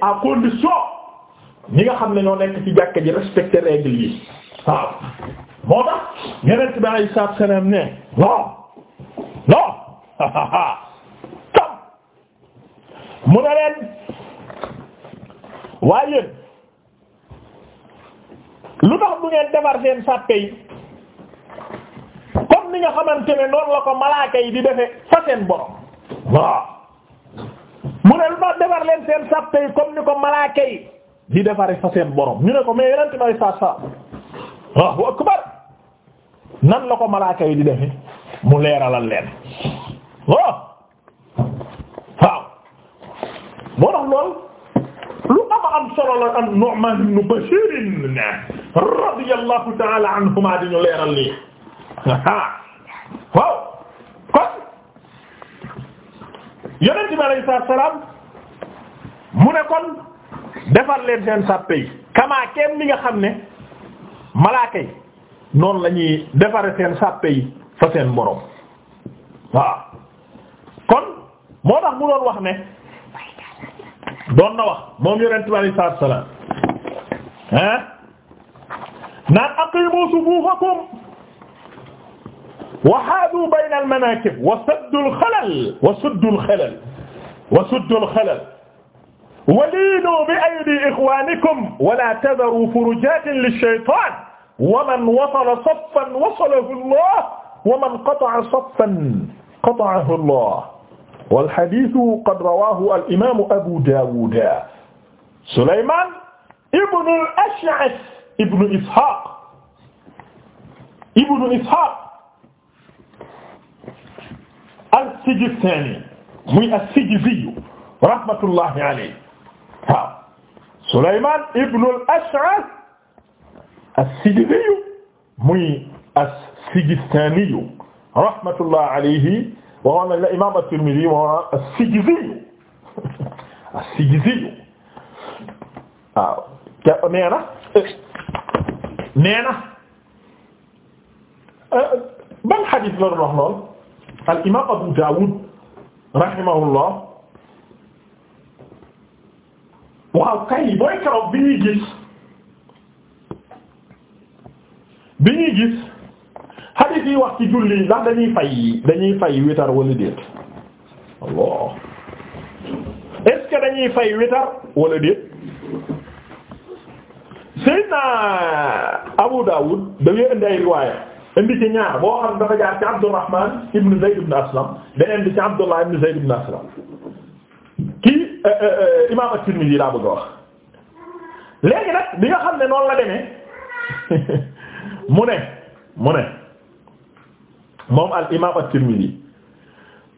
à condition ñi nga xam ne ñoo nekk ci jàkka ji respecter règle yi waaw moo tax ñeneen ci bàyyi saab seneen ne non non tam mu ne leen waaye yéen lu tax du ngeen defar seen sàppe yi comme ni nga xamante ne noonu la ko malaaka yi di defe fa seen borom waaw mu ne lu defar leen seen sàppe yi comme ni ko malaaka yi di defare fa seen borom ñu ne ko mais yeneen may sa sa waaw akbar nan la ko malaaka yi di defe mu leeralal leen waaw waaw moo lool lu ama am solo la an Nu'man ibn Bashir radiyallahu ta'ala anhuma di ñu leeral lii waaw yonent bi alayhi salaam mu ne kon defar leen seen sàppe yi kamaa li nga xam ne malaaka noonu la ñuy defare seen sàppe fa seen borom waaw kon moo tax mu doon wax ne doon na wax moom yonent bi alayhi salaam ah naan aqimu sufufakum wa haadu bayna al-manaakib wa saddul xalal wa saddul xalal wa saddul xalal wa liinuu bi aydii ixwaanikum wa laa tadharuu furujaatin lish-shaytaan wa man wasala saffan wasalahu Allah wa man qata'a saffan qata'ahu Allah wal hadiisu qad rawaahu al-imaamu Abuu Daawuda Sulaymaan ibnu al-Ash'ath ibnu Ishaaq ibnu Ishaaq as-Sijistaani muy as-Sijizi rahmatullahi alayhi waaw Sulaymaan ibn al-Ash'ath as-Sijizi muy as-Sijistaani rahmatullahi alayhi waxoon nañ la imaam at-Tirmidhi waxoon as-Sijizi as-Sijizi waaw te nee na nee na ban xadiis la doon wax noonu al imaam Abu Dawud rahimahullah waaw kay booy keroog bi ñuy gis bi ñuy gis hadith yi wax ci julli ndax dañuy fay dañuy witar wala déet Allah est-ce que dañuy fay witar wala déet Seydina Abu Dawud da ngay indi ay indi ci ñaar boo xam dafa jaar ci Abdurrahman ibn Zayd ibn Aslam beneen bi ci Abdullah ibn Zayd ibn Aslam kii euh, euh, euh, imaam at-Tirmidhi laa bëgg a wax léegi nag xam ne noonu la demee mu ne mu ne moom al imaam at-Tirmidhi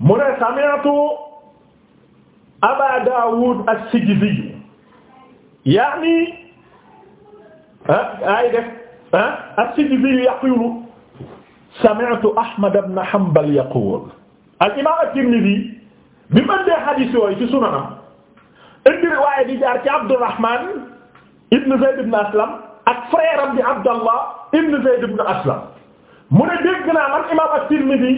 mu ne sami'tu Aba Dawud as-Sijzi yaani ah ay def ah as-Sijzi yaqulu sami'tu Ahmad ibn Hanbal yaqul al imam at-Tirmidhi bi mu andee hadith yooyu ci sunanam indi riwaaya di jaar ci Abdurrahman ibn Zayd ibn Aslam ak frère am di Abdallah ibn Zayd ibn Aslam mu ne dégg naa man imam at-Tirmidhi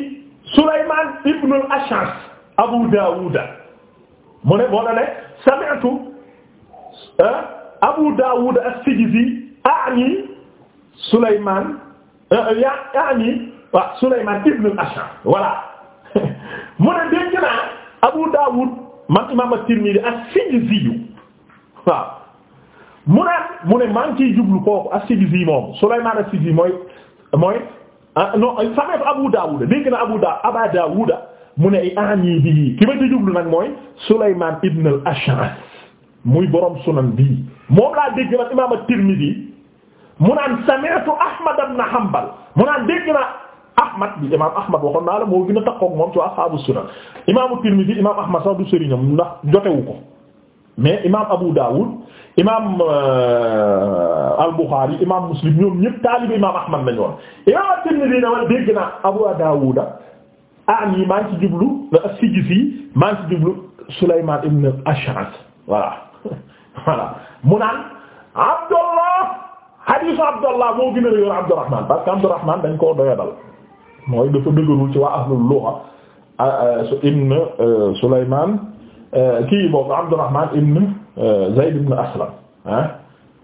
Sulayman ibn al-Ash'ath Abu Dawud mu ne boo na ne sami'tu eh, Abu Dawud as-Sijizi a'ni Sulayman Euh, euh, yaa yaani waaw Sulaymaan ibn al-Ash'ar voilà mu ne dégg naa Abu Dawud man imaam at-Tirmidhi as mu ne mu ne maa ngi ciy jublu kooku as-Sijzi moom Sulaymaan as mooy mooy ah, non saxeef Abu Dawud dégg naa Abu Dawud Aba Dawud mu ne yaani bii ki ma ci jublu nag mooy Sulaymaan ibn al-Ash'ar muy borom sunan bii moom laa dégg nag imaam at-Tirmidhi mu naan sami'tu Ahmad ibn Hanbal mu naan dégg naa Ahmad bi imaam Ahmad waxoon naa la moo gën a takkoog moom ci ashaabu sunan imaamu Tirmidhi imaam Ahmad sax du sëriñam ndax jotewu ko mais imaam Abu Dawud imaam euh, al-Bukhari imaam Muslim ñoom ñëpp taalibu imaam Ahmad lañu woon imaam Tirmidhi na ma dégg naa Abu Dawud aan ah yi maa ngi ci jublu Sijzi maa ngi ci jublu Sulaymaan ibn al-Ash'ath voilà voilà mu naan Abdullah hadiisu Abdallah moo gën a yoon Abdurrahman parce que Abdurrahman dañ koo doyadal mooy dafa dëgërul ci waa ahlul lugha ibn euh, Sulaymaan euh, kii boobu Abdurrahman ibn euh, Zayd ibn Aslam ah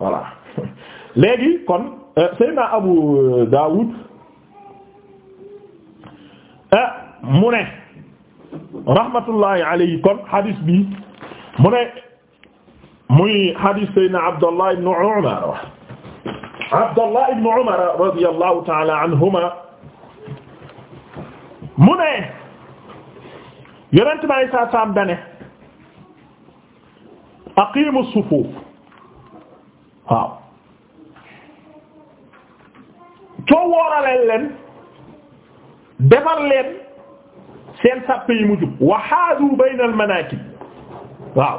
voilà léegi kon Seydina Abu Daawud mu ne rahmatullahi alayhi kon hadis bi mu ne muy hadis Seydina Abdallah ibn Umar Abdallah ibn Umar radiyallahu ta'ala anhuma mu ne yonent bi alayhi salaatu salaam dane aqiimu sufuuf waaw coo wooraleel leen defar leen seen sàpp yi mu jub wa haadu bayna al manaakib waaw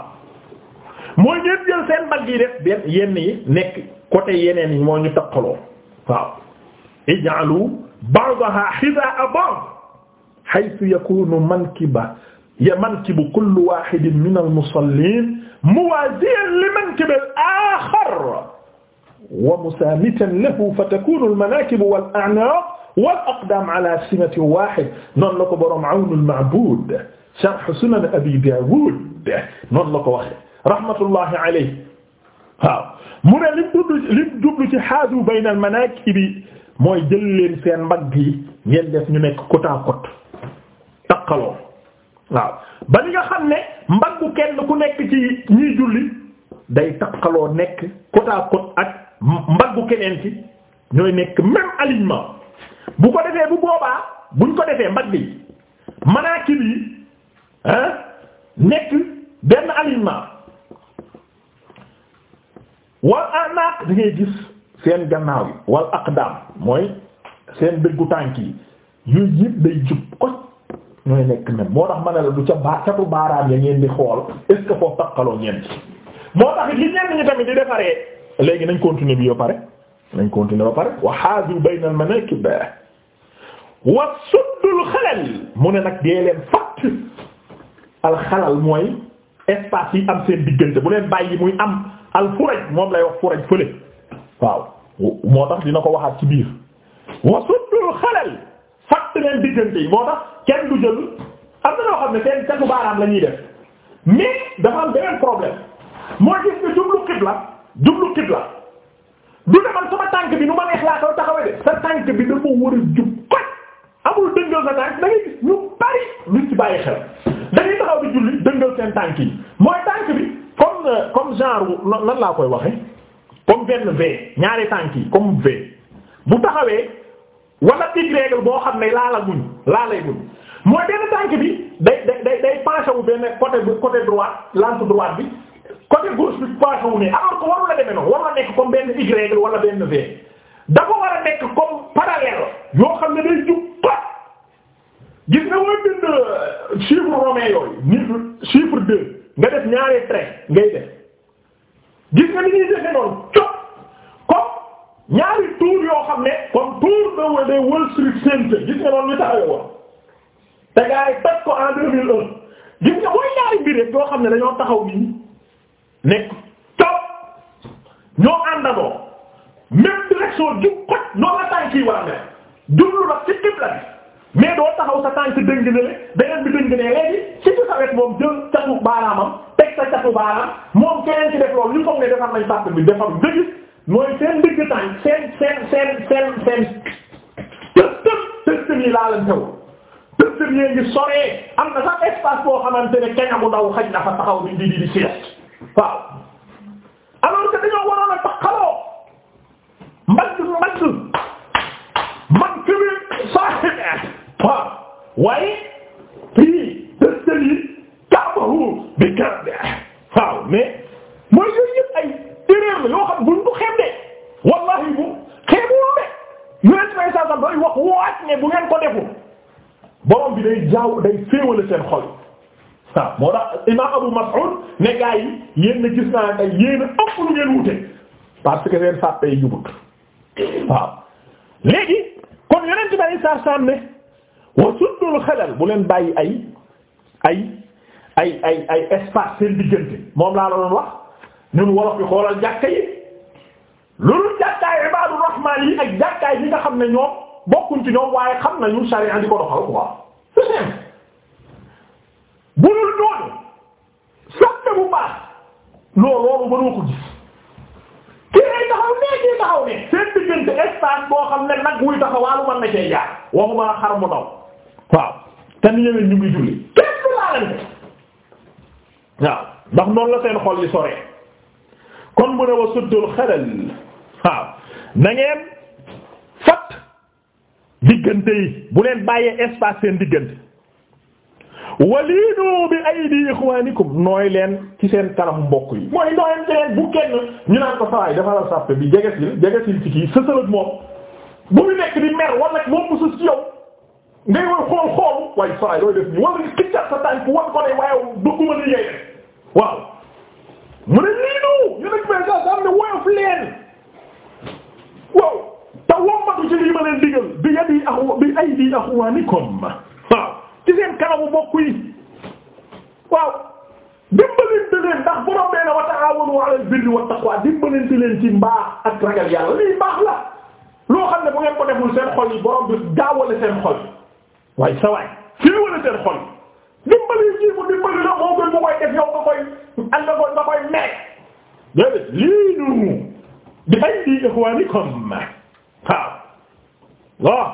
mooy ngeen jël seen bagg yi def benn yenn yi nekk côté yeneen yi moo ñu takkaloo waaw ij'alu ba'daha xidaa'a ba'd haythu yakunu mankiba ya mankibu kulli wahidin min al-musallin muwaziyan li mankibi al-akhar wa musamitan lahu fatakunu al-manakibu wal-a'naq wal-aqdam ala simatin wahid noonu la ko boroom Awn al-Ma'bud sharh Sunan Abi Dawud noonu la ko waxe rahmatullahi alayhi waaw mu ne lim tudd lim jublu ci haadu bayna al manaakibi mooy jël leen seen mbagg yi ngeen def ñu nekk côte à côte takkaloo waaw ba nga xam ne mbaggu kenn ku nekk ci ñiy julli day takkaloo nekk côte ak mbaggu keneen ci ñooy nekk même alignement bu ko defee bu boobaa buñ ko defee mbagg yi manaakib yi hein nekk benn alignement wal anaq da ngay gis seen gannaaw yi wal aqdam mooy seen dëggu tànk yi yooyu yëpp day jub ko ñooy nekk même moo tax ma ne la du ca baa catu baaraam ya ngeen di xool est-ce que foofu takkaloo ñeent moo tax li ñenn ñi tamit di defaree léegi nañ continuer bi yoo pare nañ continuer ba pare wa haadu bayna al manakib wa suddul xalal mu ne nag dee leen fatt al mooy espace yi am seen diggante bu leen bàyyi muy am al furaj moom lay wax furaj fële waaw moo tax dina ko waxaat ci biir wa suddul xalal leen diggante yi moo tax kenn du jël am na loo xam ne kenn catu baaraam la ñuy def mais dafa am beneen problème moo gis ne jublu xibla jublu xibla du demal sama tànk bi nu ma neex laa koy taxawee de sa tànk bi dafa war a jub koj amul dëngal sa tànk da gis ñu bari luñ ci bàyyi xel dañuy taxaw bi julli dëngal seen tànk yi mooy tànk bi comme euh, comme genre lan laa koy waxe comme benn V ñaari tànk yi comme V bu taxawee wala tig boo xam ne laa la guñ laa lay guñ mooy benn tànk bi day day day penché wu benn côté côté droite lante droite bi côté gauche bi penché wu ne alors que waru la demee noonu la nekk comme benn Y règle wala benn V dafa war a nekk comme parallèle yoo xam ne day jub gis nga mooy bind euh, chiffre romain yooyu chiffre deux nga def ñaaree trait ngay def gis nga ni ñuy defee noonu cop comme ñaari tour yoo xam ne comme tour de wala des Wall Street Center gis nga noonu ñu taxawee te gars yi toj ko en 2001 gis nga mooy ñaari mbir yoo xam ne dañoo taxaw nii nekk cop ñoo àndandoo même direction ju xoj noonu la tànk yi war a mel jublu la ci kibla bi mais doo taxaw sa tànk dëng na le beneen bi dëng ne léegi ci sa wet moom jël catu baaraamam teg sa catu baaraam moom keneen ci def loolu ñu foog ne defar nañ sàpp bi defar dëgg mooy seen digg tànk seen seen seen seen seen tëb tëb tëb tëb yi laa leen tew tëb tëb yee ngi soree am na sax espace boo xamante ne keña mu daw xaj na fa taxaw di di di di sieste waaw alors que dañoo waroon a taxaloo mbagg mbagg waaye prix tëstal yi kaabahu bi karabe waaw mais mooy yooyu yëpp ay erreur la yoo xam buñ ko xeeb de wallahi bu xeebul de ñu leen may sasam doy wax waat ne bu ngeen ko defu borom bi day jaaw day féewale seen xol waaw moo tax imam Abu Mas'ud ne yi yéen na gis naa ne yéen a ëpp lu ngeen wute parce que seen sàppe yi jubut waaw léegi kon yonent bi sallallahu alayhi wasallam ne wa suddul xelal bu leen bàyyi ay ay ay ay moom laa la doon wax ñun wolof yi xoolal jàkka yi loolu jàkkaay yi ak jàkkaay yi nga xam ne ñoom bokkuñ ci waay waaye xam nañu sariya di ko doxal quoi c'est simple bu dul noonu sax bu baax loolu loolu mënoo ko gis. kii taxaw nee kii taxaw ne seen diggante espace boo xam ne nag wuy taxawaalu mën na cee jaar waxuma la mu ndaw. waaw te ñëwee ñu ngi julli kenn du laalante waaw noonu la seen xol yi sore kon bu ne wa suddul xalal waaw na fat diggante yi bu leen bàyyee espace seen diggante waliinu bi aydi ikhwanikum nooy leen ci seen kanam mbokk yi mooy nooy leen bu kenn ñu naan ko sawaay dafa la sàppe bi jegesil jegesil ci kii sësal ak moom bu mu nekk di mer wala moom mu sës ci yow ngay war xool xoolu waaye saa yi looy def nii wala nga kiccaat sa tànk wan ko ne waaye dugguma li ngay def waaw mu ne lii nu yonent bi saa ne woyof leen waaw te wommatu ci lii ma leen digal bi yadi axu bi aydi waaw ci seen kanamu mbokk yi waaw dimbalante leen ndax borom bee na wa ta'aawanu alal birri wat taqwa dimbalante leen ci mbaax ak ragal yàlla lii mbaax la loo xam ne bu ngeen ko deful seen xol yi borom bi gaawale seen xol waaye sa waay fi ñu war a jël xol dimbali ji mu dimbali la moo gën mu koy def yow nga koy ànd nga koy nga koy meek déedéet lii nu bi aydi ikhwanikum waaw non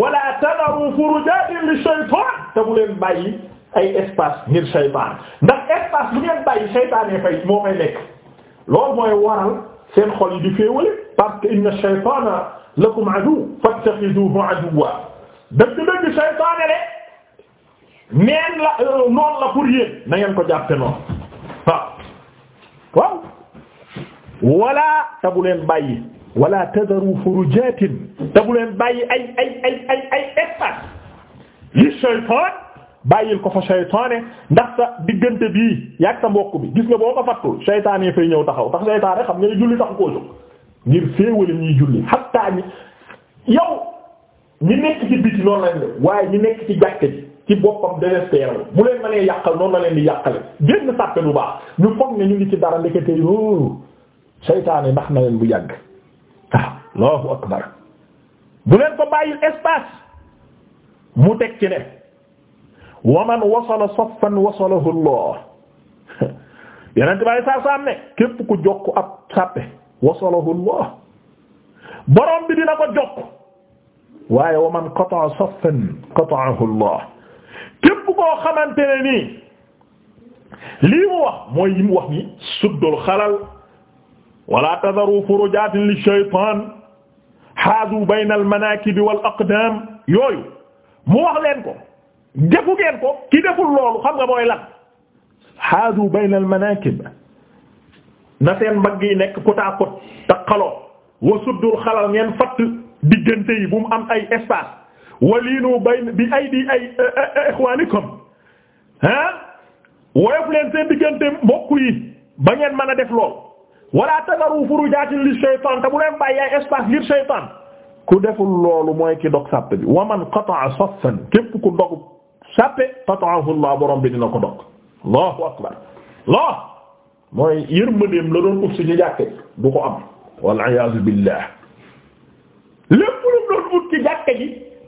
wala tadaru furujatin li shaytan te bu leen bàyyi ay espace ngir shaytan ndax espace bu ngeen bàyyi shaytan yi fay moo fay nekk loolu mooy waral seen xol yi di féewale parce que inna shaytana lakum adu fattaxiduhu aduwwa mbiri saytaane de neen la euh, noonu la pour yéen na ngeen ko jàppe noonu waaw waaw wala te bu leen bàyyi wala tadaru furujatin te bu leen bàyyi ay ay ay ay ay espace li saytaan bàyyil ko fa saytaane ndax sa diggante bii yaag sa mbokk bi gis nga boo ko fattul saytaan yi fay ñëw taxaw tax saytaan rek xam nga julli tax koo jóg ngir féewale ñuy julli hatta ni yow ñi nekk ci biti noonu lañ def waaye ñi nekk ci jàkk ji ci boppam désespéré bu leen mënee yàqal noonu la leen di yàqale génn sàppe bu baax ñu foog ne ñu ngi ci dara ndekete yoo seytaane ndax na leen bu yàgg waaw Allahu akbar bu leen ko bàyyil espace mu teg ci ne wa man wasala saffan wasalahu Allah yeneen tubaab yi saa saa am ne képp ku jokk ab sàppe wasalahu Allah borom bi dina ko jokk waaye wa man qata'a saffan qata'ahu Allah képp koo xamante ne nii lii mu wax mooy yi mu wax ni suddul xalal wala tadaru furujatin li shaytan haadu bayna al manakib wal aqdam yooyu mu wax leen ko defu ngeen ko ki deful loolu xam nga mooy lan haadu bayna al manakib na seen mbagg yi nekk côte à côte taqaloo wa suddul xalal ngeen fatt diggante yi bu mu am ay espace waliinu bay bi ay di eh, ay eh, ikhwanikum ah woyof leen seen diggante mbokk mën a def lool wala tazaru furujaatin li shaytaan te bu ay espace ngir shaytaan ku deful loolu mooy ki dog sàppe bi wa man qata'a saffan képp ku dog sàppe qata'ahu Allah borom bi dina ko dog Allahu akbar Allah mooy yërmandeem la doon ut si ñu jàkke du ko am wal iyaazu billah lépp lu mu doon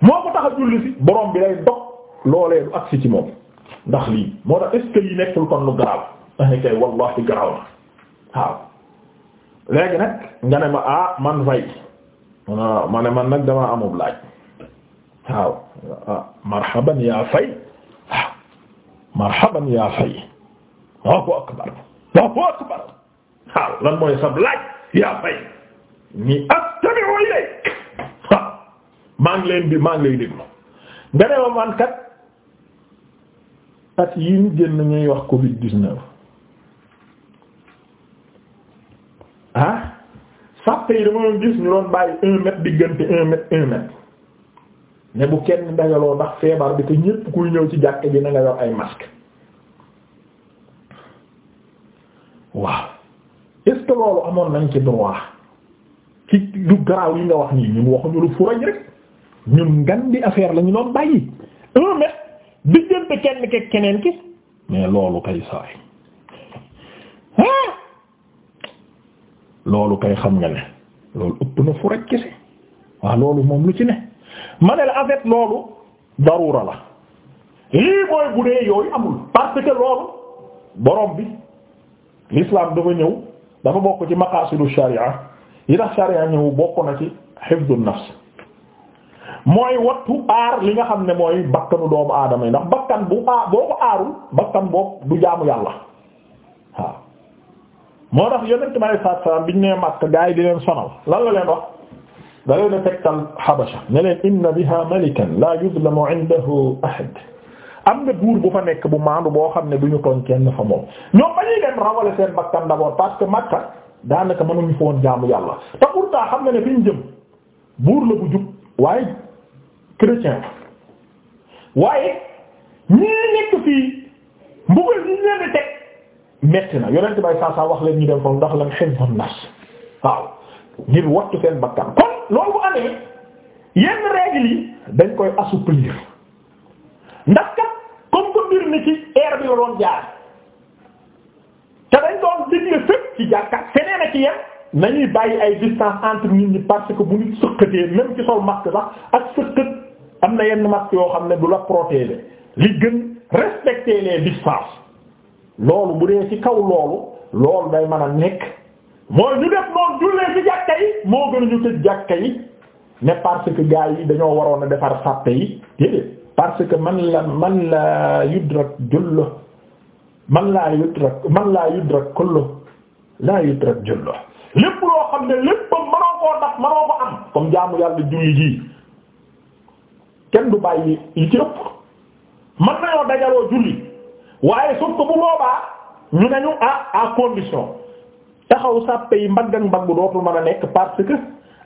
moo ko tax a bi day dog loolee du agsi ci moom ndax lii moo tax est lu garaaw dax ni kay wallahi garaaw na waaw léegi ma ah man fay ma ne man nag damaa amub laaj waaw ah fay waaw ah, marhaban akbar Allahu lan mooy sab laaj yaa fay ni astami'u ilayk maa leen di maa ngi lay déglu nga ne ma man kat at yii ñu génn wax Covid 19 ah sàppe yi dama doon gis ñu doon bàyyi un mètre diggante un mètre un mètre ne bu kenn dajaloo ndax feebar bi te ñépp kuy ñëw ci jàkk bi na nga yor ay masque waaw est-ce loolu amoon nañ ci droit ci du garaaw yi nga wax nii ñun waxuñu lu furañ rek. ñun ngan di lañu la ñu doon bàyyi un mètre diggante kenn ki mais loolu kay saay ah! loolu kay xam nga ne loolu ëpp na fu rek kese waaw loolu moom lu ci ne ma ne la avec loolu darura la lii mooy bu yooyu amul parce loolu borom bi l'islam dafa ñëw dafa bokk ci maqasidu sharia yi tax sharia ñëw bokk na ci hifdun nafs mooy wattu aar li nga xam ne mooy bakkanu doomu aadama yi nag bakkan bu aar boo ko aarul bakkan boobu du jaamu yàlla waaw moo tax yonent bi alayhi salaatu salaam biñ nee Makka gaa yi di leen sonal lan la leen wax da leen a tegtal Habasha ne leen inna biha malikan la yuzlamu am nga buur nekk bu maandu boo xam ne du ñu tooñ kenn fa moom ñoom bañuy dem rawale seen bakkan d'abord parce que Makka daanaka mënuñu fa woon jaamu yàlla te pourtant xam ne fi jëm buur la bu jub waaye chrétien waaye ñii nekk fii mbugal ñu leen teg metti na yonent bay saa saa wax leen dem foofu ndax lan xifdun nafs waaw ngir wattu seen bakkan kon loolu bu amee yenn règle yi dañ koy assouplir ndax kat comme que mbir ni ci air bi la doon jaar te dañ doon digle fépp ci jàkkaat feneen a ci yem nañuy bàyyi ay distance entre nit ñi parce que bu nit sëqatee même ci sol masque sax ak sëqat am na yenn matt yoo xam ne du la protéger li gën respecter les distances loolu bu dee ci kaw loolu loolu day mën a nekk mooy ñu def noonu jullee ci jàkka yi moo gën ñu tëj jàkka yi ne parce que gars yi dañoo waroon a defar sàppe yi déedéet parce que man la man la yudrak jullo man laa yudrak man laa yudrak kullu laa lépp loo xam ne lépp manoo koo daf manoo ko am comme jaamu yàlla julli ji kenn du bàyyi yi ci ëpp mën nañoo dajaloo julli waaye sauf bu boobaa ñu ne ñu ah à condition taxaw sàppe yi mbagg ak mbagg dootul mën a nekk parce que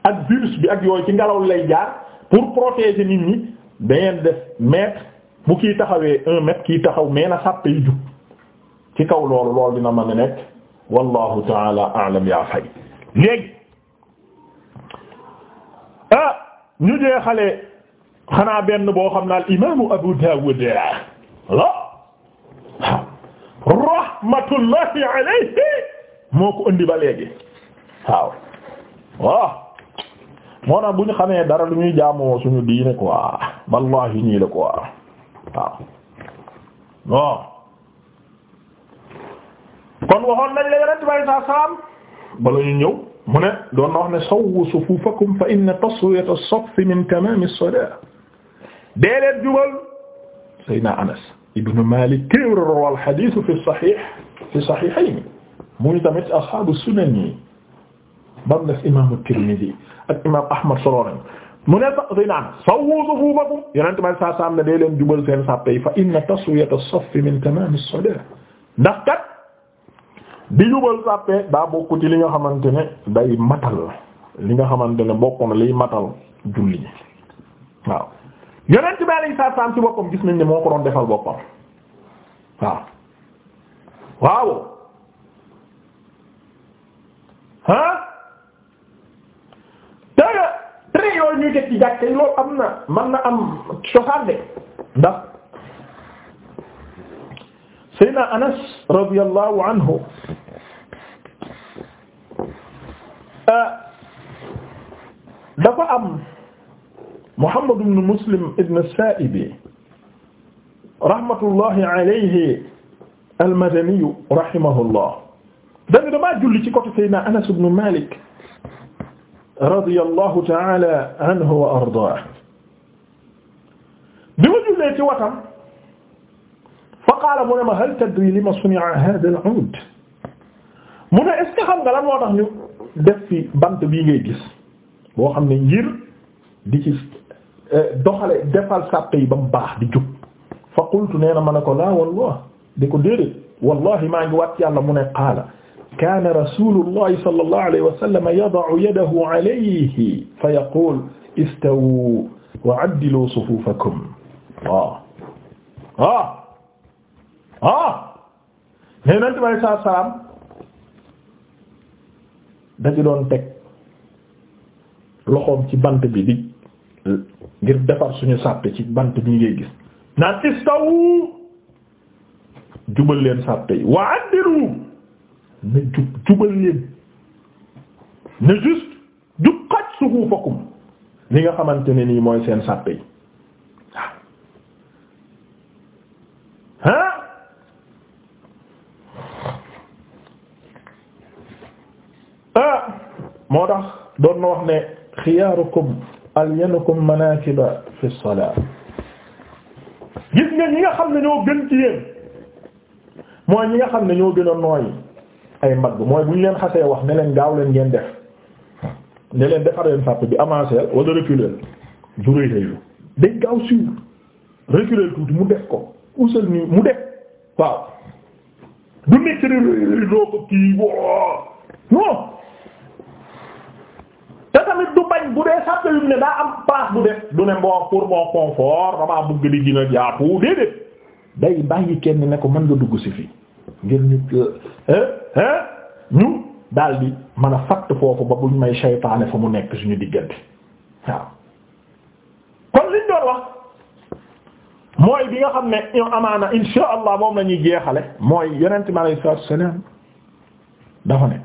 ak virus bi ak yooy ci ngelaw lay jaar pour protéger nit ñi dangeen def mètre bu kii taxawee un mètre kii taxaw mais na yi jub ci kaw loolu loolu dina mën a nekk wallahu taala alam yaa fay léegi ah ñu jeexale xanaa benn boo xam ne al imaamu Abu moo ko indi ba léegi waaw moo tax bu ñu xamee dara lu ñuy jaamoo suñu diine quoi wallahi ñii la quoi waaw non kon waxoon nañ la yonent bay salaam bala ñu ñëw mu ne doon na ne sawwu sufufakum fa inna taswiyata min tamam as dee leen jubal Seydina Anas ibn Malik kéwr rawal hadith fi sahih fi sahihayn muy tamit ashaabu sunan yi bam des imaamu Tirmidhi ak imaam Ahmad solo nañ mu ne Seydina Anas sawwu sufuufakum yonent bi saa saam ne leen jubal seen sàppe yi fa inna taswiyata as-saff min tamaam as-salaat ndax kat jubal sàppe daa bokk ci li nga xamante ne day matal li nga xamante ne bokk na liy matal julli yonent bi alayhi salaam ci boppam gis nañ ne moo ko doon defal boppam waaw waaw ah te très yooyu ñuy teg ci jàkkee loolu am na mën na am cosaan de ndax Seydina Anas radiyallahu anhu euh, dafa am. Muhammad ibn Muslim ibn as-Saa'ibi rahmatullahi alayhi al-Madani rahimahullah dañu damaa julli ci côté Seydina Anas ibn Malik radiyallahu ta'ala anhu wa ardaahu bi ma jullee ci watam fa qaala mu ne ma hal tadri lima suni'a haadha al-'uud mu ne est-ce que xam nga lan moo tax ñu def fi bant bii ngay gis boo xam ne ngir di ci doxale defal sàppe yi ba mu baax di jub fa qultu nee na ma ne ko laa wallah di ko déedéet wallahi maa ngi wat yàlla mu ne qaala kaana rasulullahi sallallahu alayhi wa sallam yada'u yadahu alayhi fa yaqulu istawu wa addilu sufufakum waaw waaw waaw nee nant bi alei saatu salaam da ci doon teg loxoom ci bant bi di ngir defar suñu sàppe ci bant bi ngay gis naan jubal leen sàppe yi wa addilu jub jubal leen na juste jub sufuufakum li nga xamante ne nii mooy seen sàppe yi ah, moo tax doon na wax ne xiyaarukum alyanukum manakiba fi salaat gis nga ñi nga xam ne ñoo gën ci yéen mooy ñi nga xam ne ñoo gën a nooy ay mbagg mooy bu ñu leen xasee wax ne leen gaaw leen ngeen def ne leen defar leen bi avancer wala reculer du rëy rëylu tuuti mu def ko usal nii mu def waaw du nekk rek rek rek ko kii non tamit du bañ bu dee sàppe yu ne daa am place bu def du ne mboo pour mon confort damaa bëgg di gën a jaatu déedéet day bàyyi kenn ne ko mën nga dugg si fii ngir ñu eh, eh, ñu daal di mën a fatt foofu ba buñ may seytaane fa mu nekk suñu diggante waaw kon liñ doon wax mooy bi nga xam ne ñoo amaana insha allah moom la ñuy jeexale mooy yonent mi alayhi salaatu wa salaam dafa ne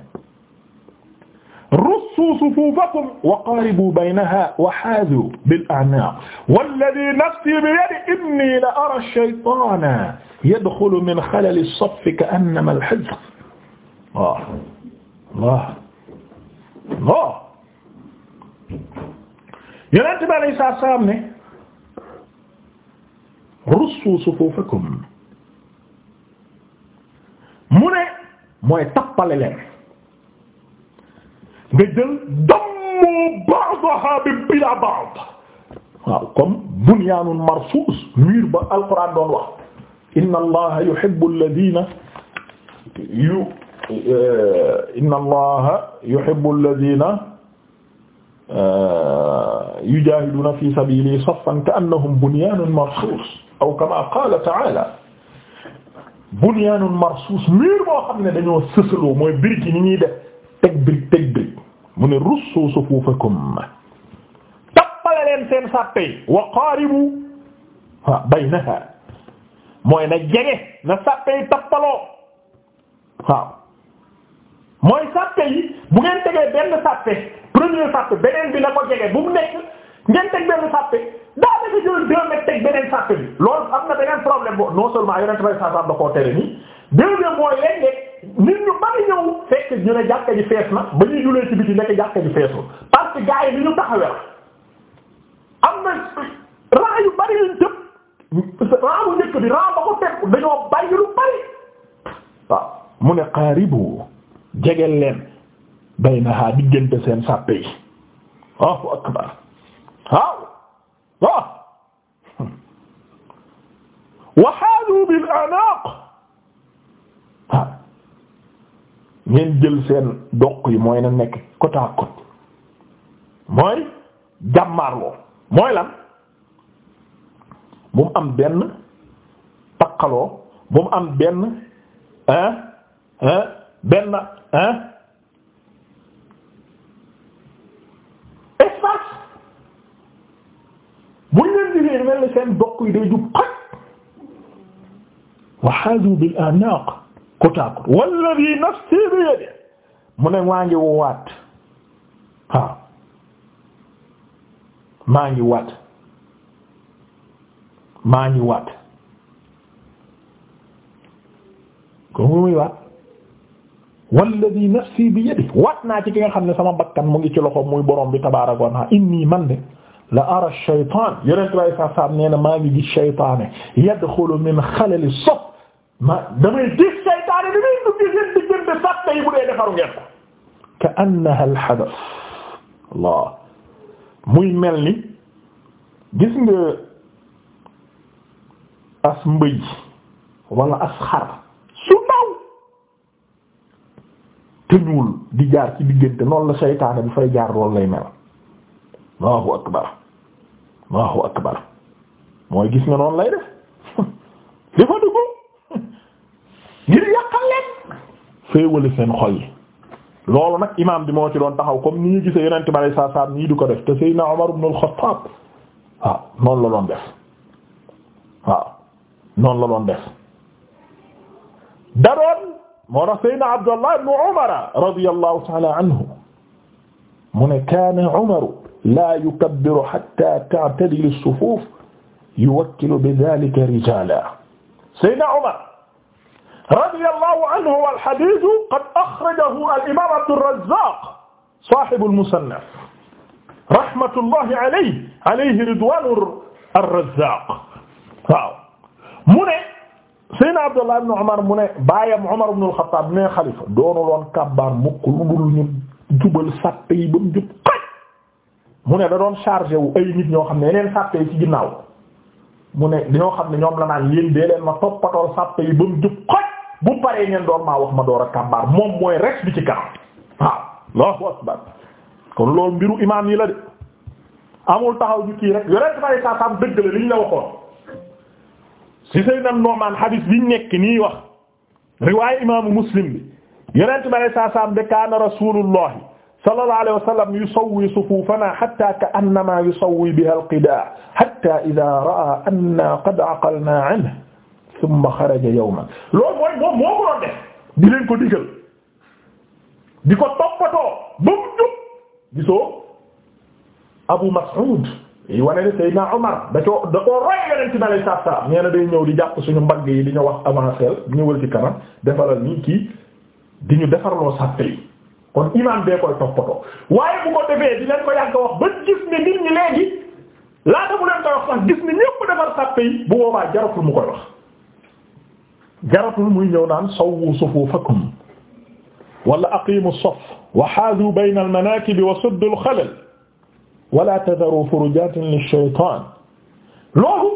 russu sufuufakum wa qaaribu baynaha wa haaduu bil a'naaq walladii nafsii biyadihi innii la araa ash-shaytaana yadxulu min xalali as-saffi ka'annamaa al-hijr Allah Allah Yonent bi alayhi salaatu wa salaam ne russu sufuufakum mu ne mooy tappale leen nga jël dammu ba'daha bi bila ba'd waaw comme bunyaanun marsuus mur ba alquran doon wax inna allaha yuhibbu alladhina yu eh, inna allaha yuhibbu alladhina eh, yujahiduna fi sabili saffan ka'annahum bunyanun marsus aw kama qala ta'ala bunyanun marsus miir boo xam ne dañoo sësaloo mooy brique yi ni ñuy def teg brique teg brique mu ne russu sufuufakum tappale leen seen sàppe yi wa qaaribu wa baynaha mooy na jege na sàppe yi tappaloo waaw mooy sàppe bu ngeen tegee benn sàppe premier sàppe beneen bi na ko jege bu mu nekk ngeen teg benn sàppe daa naka jël deux mètres teg beneen sàppe bi loolu na beneen problème bo non seulement yonent bay sa sam da koo tere nii deuxième mooy léeg-léeg nit ñu bari ñëw fekk ñu ne jàkka ji fees na ba ñuy julee ci biti nekk jàkka ji feesul parce que gars yi ni ñu taxawee am na raa yu bari lañ tëb raa bu bi raa ba ko teg bari mu ne qaaribu jegeel leen baynaha diggante seen sàppe yi Allahu akbar waaw waaw wa haadu bil ana ngeen jël seen doq yi mooy na nekk côte à côte mooy jàmmaarloo mooy lan bu mu am benn takkaloo bu mu am benn hein hein benn hein espace bu ñu leen di réer mel seen doq yi day jub xaj wa hazu bil anaq kota kota walladhi nafsi bi yadihi mu ne maa ngi waat maa ngi waat maa ngi waat ko muy waat walladhi nafsi bi yadihi waat naa ci ki nga xam ne sama bakkan mu ngi ci loxo muy borom bi tabaaraka wa inni man de la ara shaytaan yonent bi saa saa nee na maa ngi gis shaytaane yadxulu min xalali sof ma damay gis li muy dugg seen diggante fàtte yi bu dee defaru ngeen ko ka annaha al hadas Allah muy mel ni gis nga as mbëy wala as xar su ndaw te di jaar ci diggante noonu la seytaane bi fay jaar loolu lay mel Allahu akbar Allahu akbar mooy gis nga noonu lay def dafa dugg ngir yàqal leen féewale seen xol yi loolu nag imaam bi moo ci doon taxaw comme ni ñu gisee yeneen tubaab yi saa saa ñii di ko def te Seydina Umar ibn al-Khattab waaw noonu la doon def waaw noonu la doon def. daroon moo tax Seydina Abdullah ibn Umar radiyallahu ta'ala anhu mu ne kaana Umar laa yukabbiru hatta ta'tadila as-sufuf yuwakkilu bi dhalika rijalan Seydina Umar radiyallahu anhu wal hadiis qad axrajahu al imaam Abdur Razzaaq saahibul Musannaf rahmatullahi alayhi alayhi ridwaanu ar-Razzaaq waaw mu ne Seydina Abdullah ibn Umar mu ne baayam Umar ibn al-Khattaab ne xalifa doonul woon kàbbaar mukk lu dul ñu jubal sàppe yi ba mu jub xaj mu ne da doon chargé wu ay nit ñoo xam ne yeneen sàppe yi ci ginnaaw mu ne dañoo xam ne ñoom la naan yéen dee leen ma toppatool sàppe yi ba mu jub xaj bu paree ngeen door maa wax ma door a kàmbaar moom mooy res bi kon loolu mbiru imaam yi la de amul taxaw ñu kii rek yore dafay saasaam dëgg li ñu la waxoon si say nan noomaan hadis biñ nekk wax riwaay imaamu muslim bi yonent bi alayhi a de kaana rasulullah sallallahu alayhi wa sallam yusawwi sufuufana hatta ka'annama yusawwi biha al-qidaa hatta idha ra'a anna qad summa xaraja yawman loolu mooy moom moo ko def di leen ko digal di ko toppatoo ba mu jub gisoo Abu Mas'ud yi wane ne Seydina Omar da koo da koo roy Yonent bi alayhi salaatu salaam nee day ñëw di jàpp suñu mbagg yi di ñu wax avancel ñëwal ci kanam defalal nii kii di ñu defarloo sàppe yi kon imaam bee koy toppatoo waaye bu ko defee di leen ko yàgg wax ba gis ne nit ñi léegi laata mu leen koy wax sax gis ne ñëpp defar sàppe yi bu boobaa jaratul mu koy wax. jaratul muy ñëw naan sawwu sufuufakum wala aqimu as-saff wa haadu bayna al-manaakib wa suddu al-xalal wala tadharu furujaatin lish-shaytaan loolu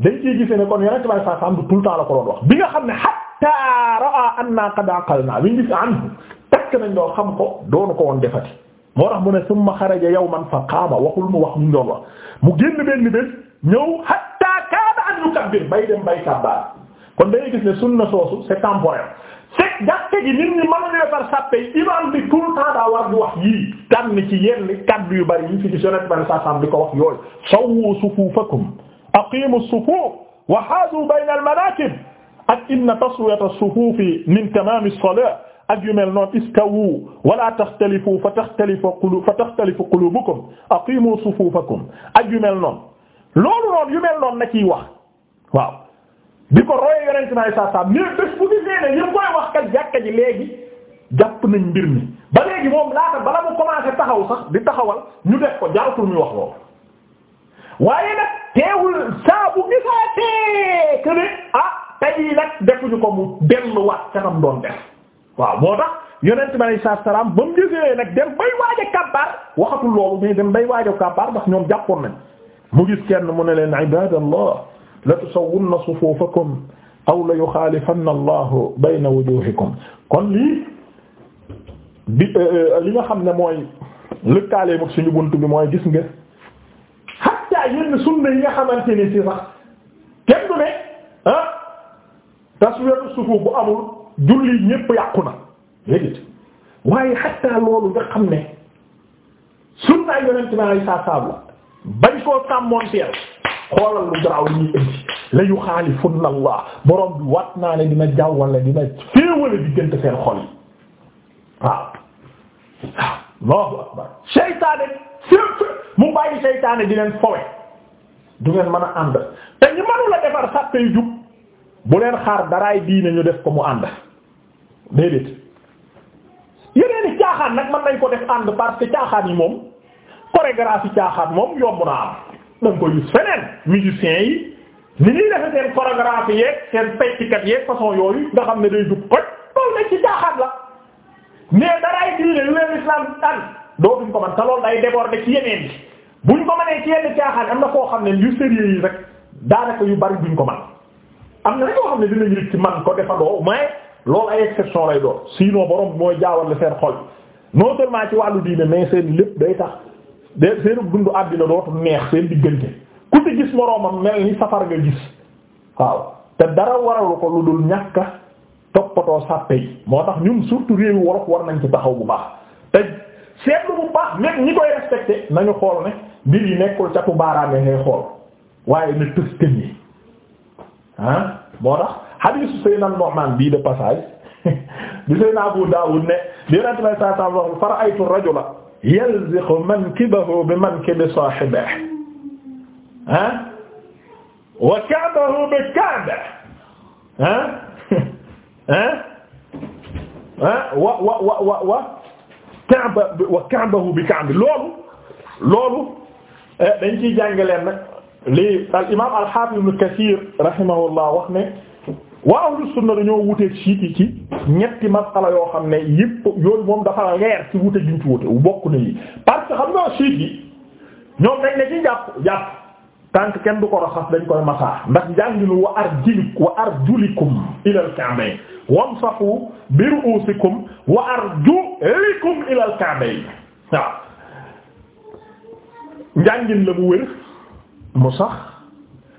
dañ ciy gisee ne kon yeneen tubaab saa saa am tout le temps la ko doon wax bi nga xam ne hattaa ra'aa annaa qad aqalnaa bi ñu gis anhu takk nañ loo xam ko doonu ko woon defati moo tax mu ne summa xaraja yawman fa qaama waxul mu wax mu doon wax mu génn benn bés ñëw hattaa kaada an yukabbir bay dem bay kàbbaar kon dañuy gis ne sunna soosu c'est temporaire fekk jàkke ji nit ñi mën a defar sàppe yi imam bi tout le temps daa war di wax yii tànn ci yenn kaddu yu bari yi fi gis yonent bari sasam di ko wax yooyu sawwu sufuufakum aqimu as-sufuf wa haadu bayna al-manakib ak inna taswiyata as-sufufi min tamami as-salat ak yu mel noonu istawu wala taxtalifu fa taxtalifu qulu fa taxtalifu qulubukum aqimu sufufakum ak yu mel noonu loolu noonu yu di ko royee yonent bi saa saa mais bés bu ñu wax kat jàkka ji léegi jàpp nañ mbir mi ba léegi moom laata bala mu commencé taxaw sax di taxawal ñu def ko jaratul ñu wax loolu waaye nag teewul saa bu gisaatee que ne ah tey nag defuñu ko mu delluwaat ca tam doon def waaw moo tax yonent bi saa salaam ba mu gisee nag dem bay waaj a kàbbaar waxatul loolu mais dem bay waaj a kàbbaar ndax ñoom jàppoon nañ mu gis kenn mu ne leen ibadallah la tusawwunna sufuufakum aw la yuxaalifanna allahu bayna wujuuhikum kon lii euh, euh, li nga xam ne mooy lëkkaaleem ak suñu bunt bi mooy gis nga hatta yenn sunna yi nga xamante ni ci sax kenn du ne ah taswiyatu sufuuf bu amul julli ñépp yàqu na léegi waaye hatta loolu nga xam ne sunna yonent bi ay saa saabu bañ koo sàmmoon teel xoolal lu garaaw li ñuy indi la yu xaalifunna allah borom bi wat naa ne dina jawwale dina féewale diggante seen xol yi waaw waaw Allahu akbar mu bàyyi seytaane di leen fowe du ngeen mën a ànd te ñu mënu defar sàppe yu jub bu leen xaar daraay diine ñu def ko mu ànd déedéet yeneeni caaxaan nag mën nañ ko def ànd parce que caaxaan yi moom chorégraphie caaxaan moom yomb naa am da ko koy feneen musiciens yi ni ñuy defe seen chorégraphe yeeg seen peccikat yeeg façon yooyu nga xam ne day dugg xoj loolu nag ci jaaxaat la mais daraay diine yu leen islam an dootuñ ko man te loolu day déborder ci yeneen yi buñ ko mënee ci yenn caaxaan am na koo xam ne yu sérieux yi rek daanaka yu bari buñ ko man am na rek yoo xam ne dinañ rëcc man ko defandoo mais loolu ay exception lay doon sinon borom mooy jaawal la seen xol non seulement ci wàllu diine mais seen lépp day tax de seen dundu àddina dootul neex seen diggante ku ci gis moroomam mel ni safar nga gis waaw te dara waralu ko lu dul ñàkk toppatoo sàppe yi moo tax ñun surtout réewu wolof war nañ ci taxaw bu baax te seetlu bu baax même ñi koy respecté nañu xool ne mbir yi nekkul catu baaraame ngay xool waaye na tës tën yi ah moo tax hadiisu Seydina Nu'man bii de passage bi Seydina Abu Dawud ne di Yonent bi sallallahu alayhi wa sallam fara'aytu rajula yalziqu mankibahu bi mankibi saahibihi ah wa ka'bahu bi ka'bihi ah ah ah wa wa wa wa wa Kaaba wa Kaabahu bi Kaabi loolu loolu eh, dañ ciy jàngaleen nag lii al imaam al-Haafiz Ibn Kasiir rahimahullah wax ne waaw waa ahlu na dañoo wuteeg siiti ci ñetti masala yoo xam ne yëpp yooyu moom dafa leer ci wute juñ ci wute bokk na yi parce que xam nga siit ñoom dañ ne ci jàpp jàpp tant kenn du ko raxas dañ koy masaa ndax jàngilu wa arjulikum ilal ka'bay wamsahu waaw njàngin la mu wér mu sax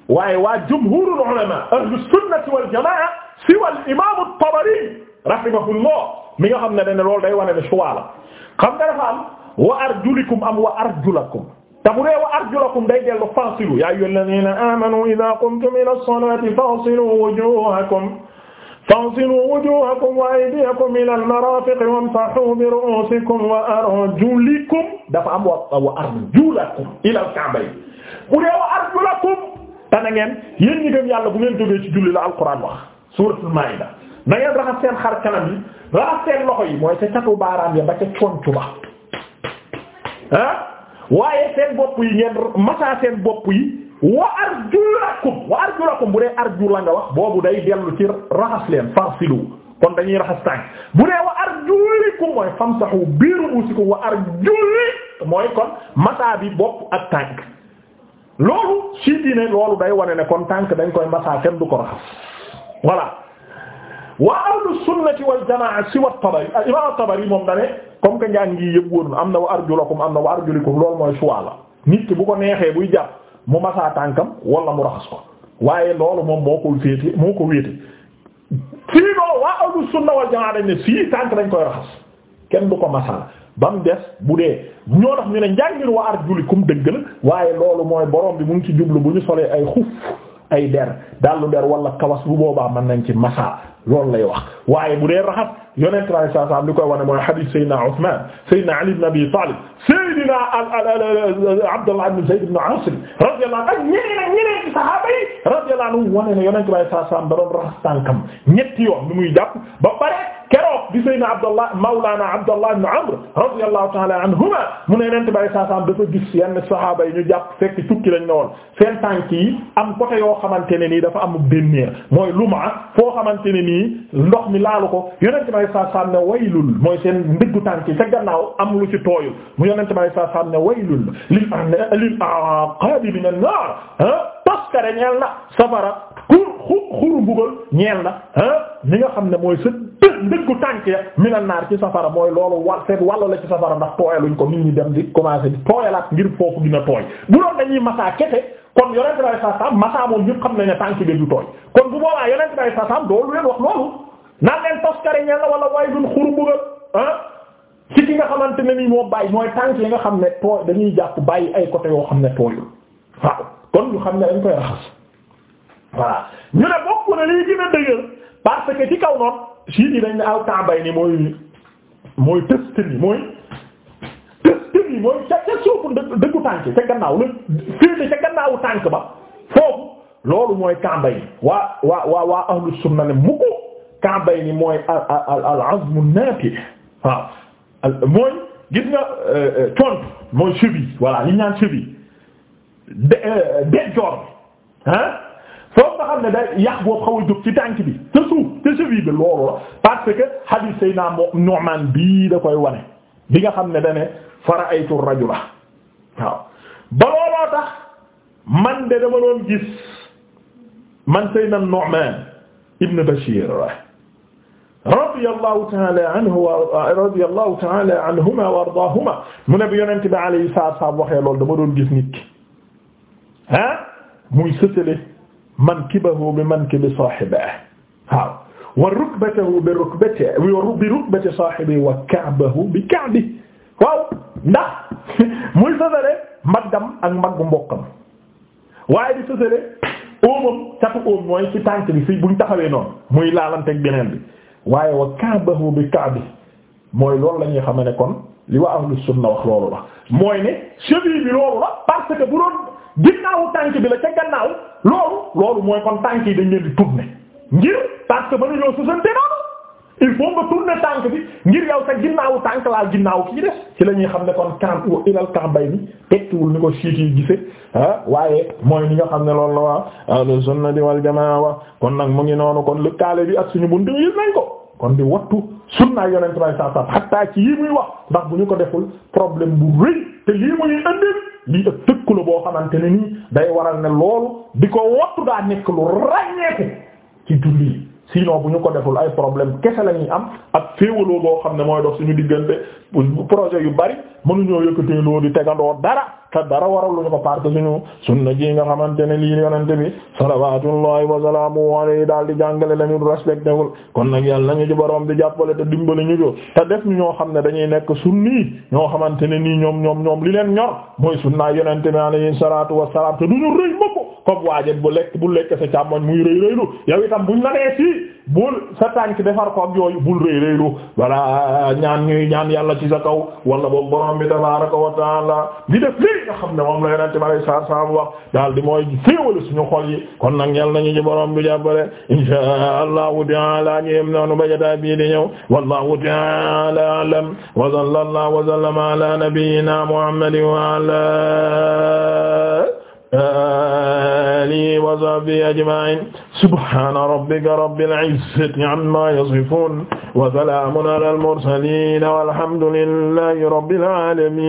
waaye waa jumhurul ulama ahlu sunnati wal jamaa siwa al imam at-Tabari rahimahullah mi nga xam ne dañ ne loolu day wane ne choix la xam nga dafa am wa arjulikum am wa arjulakum te bu dee wa arjulakum day dellu fasilu ya ayyuhallazina amanu idha qumtum ila as-salati fasilu wujuhakum fasilu wujuhakum wa aydiyakum ila al-marafiqi wamsahu bi ru'usikum wa arjulikum dafa am wa arjulakum ila al-ka'bayn bu dee wa arjulakum na ngeen yéen ñi gëm yàlla bu ngeen jógee ci julli la alquran wax suuratul maa'ida na ngeen raxas seen xar kanam yi raxas seen loxo yi mooy ca catu baaraam ya ba ca concu ba ah waaye seen bopp yi ngeen masaa seen bopp yi wa arjulakum wa arjulakum bu dee arjula nga wax boobu day dellu ci raxas leen farsilu kon dañuy raxas tànk bu dee wa arjulikum mooy famsahu bi ru'usikum wa arjuli mooy kon masaa bi bopp ak tànk loolu siit loolu day wane ne kon tànk dañ koy masaa kenn du ko raxas voilà waa ahlu sunnati wal jamaa siwa Tabari ah, imaam Tabari moom dane comme que njàng ngi yëpp wóor na am na wa arjulakum am na wa arjulikum loolu mooy choix la nit ki bu ko neexee buy jàpp mu masaa tànkam wala mu raxas ko waaye loolu moom moo ko féete moo ko wéete fii noonu waa ahlu sunna wal jamaa dañ ne fii tànk dañ koy raxas kenn du ko masaa ba mu bu dee ñoo tax ñu ne njàngin wa arjulikum dëgg la waaye loolu mooy borom bi mu ngi ci jublu bu ñu solee ay xuf ay der dallu der wala kawas bu boobaa mën nañ ci masa loolu lay wax waaye bu dee raxas yonent sallallahu alayhi wasallam koy wane mooy hadith Seydina Ousmane Seydina Ali ibn Abi Talib Seydina Abdullah ibn Zayd ibn Asim radiyallahu anhu ñeneen ak ñeneen ci sahaaba yi radiyallahu anhu wane ne yonent sallallahu alayhi wasallam da doon raxas tànkam ñetti yoon bi muy jàpp ba pare keroog bi Seydina Abdallah Mawlana Abdallah ibn Amr radiyallahu ta'ala anhuma mu ne Yonent bi saa saam dafa gis yenn saxaaba yi ñu jàpp fekk tukki lañ ne woon seen tànk yi am côté yoo xamante ne nii dafa am benn mooy luma foo xamante ne nii ndox mi laalu ko Yonent bi saa saam ne waylul mooy seen ndiggu tànk yi ca gannaaw am lu ci tooyul mu Yonent bi saa saam ne waylul lil a'qaab min an-naar taskare ah, ñeel na safara xur xur xuru mbugal ñeel na ah li nga xam ne mooy sa ndëggu tànk ya mi na naar ci safara mooy loolu wal la ci safara ndax tooyaluñ ko nit ñi dem di commencé di tooyalaat ngir foofu dina tooy bu doon dañuy masaa kese kon yonent bay sa sam masaa moom ñëpp xam nañ ne tànk bi du tooy kon bu moo boobaa yonent bay sa sam doolu leen wax loolu naan leen toskare ñeel na wala way dun xuru mbugal ah ci ki nga xamante ne nii moo bàyyi mooy tànk yi nga xam ne tooy dañuy jàpp bàyyi ay côté yoo xam ne tooyul waaw kon xam ne dañ koy voilà ñu ne bokk na lii gën a dëgër dañ aw tàmbay ni mooy mooy test ni mooy test ni mooy ca ca suufu dëggu tànk ca gannaaw la féete ca gannaawu tànk ba foofu loolu mooy kàmbay ni waa waa ahlu sunna ne mu ni mooy al al al mooy gis nga cont euh, euh, mooy cheville voilà li ñaan de euh, de joor ah foofu nga xam ne day yàq boobu xaw a jóg ci tànk bi te suuf te cheville bi loolu la parce que hadith sayna Nu'man bii da koy wane bi nga xam ne da ne fara'aytu rajula waaw ba looloo tax man de dama doon gis man sayna Nu'man ibn Bashir radiyallahu ta'ala anhu wa radiyallahu ta'ala anhuma wa ardaahuma mu ne bi yonent bi alayhi salaatu wa loolu dama doon gis nit ki ah, mankibahu bi mankibi saahibihi waaw wa rukbatahu bi bi rukbati saahibihi wa ka'bahu bi ka'bihi waaw ndax muy sësale mbaggam ak mbaggu mbokkam waaye di sësale óomam catu óom mooy ci tànk bi fi buñ taxawee noonu muy laalanteeg beneen bi waaye wa ka'bahu bi ka'bihi mooy loolu la ñuy xam ne kon li waa ahlu sunna wax loolu la mooy ne cheville bi loolu la parce que bu doon ginnaawu tànk la ca gannaaw loolu loolu mooy kon tànk yi dañ leen di tourner ngir parce que mënuñoo susante noonu il faut nga tourner tànk bi ngir yow sa ginnaawu tànk laal ginnaaw kii des ci la ñuy xam ne kon camp wa ilal camp bay ni tekkiwul ni ko siit yi gise waaye mooy ni nga xam ne lool la waa ahlu sunna di wal jamaa wa kon nag mu ngi noonu kon lëkkaale bi ak suñu buntu yi nañ ko kon di wattu sunna yonent bay sa sa hatta ci yi muy wax ndax bu ñu ko deful problème bu rëy te lii ak tëkku la boo xamante ne nii day waral ne loolu di ko wattu daa nekk lu ràññeeku ci julli sinon bu ñu ko deful ay problème kese la ñuy am ak féewaloo boo xam ne mooy dox suñu diggante projet yu bari mënuñoo yëkkatee loo di tegandoo dara te dara waraluñu ko parce que suñu sunna ji nga xamante ne lii yonente bi salawatullahi wa salaamuhu alayhi daal di jàngale lañu respecté wul kon nag yàlla nañu ci borom bi jàppale te dimbali ñu jo te def ñu ñoo xam ne dañuy nekk sunni ñoo xamante ne nii ñoom ñoom ñoom li leen ñor mooy sunna yonente bi alayhi salatu wasalaam te duñu rëy mako comme waajal bu lekk bu lekk sa càmmoñ muy rëy rëylu yow itam buñ la nee si bul sa tànk defar ko ak yooyu bul rëy rëylu voilà ñaan ñuy ñaan ci sa kaw wala boog borom bi tabaaraka wa taala di def nga xam ne moom la yonente bi alayhi salaatu salaam wax daal di mooy féewale suñu xol yi kon nag ñel nañu ci borom bi jàppale inshaa allahu taala ñu yem noonu ba jotaay bii di ñëw wallahu taala alam wa sallallahu wa sallama ala nabiyyina muhammadin wa ala alihi wa sahbihi ajma'in subhana rabbika rabbil izzati amma yasifun wa salamun ala al mursalin walhamdulillahi rabbil alamin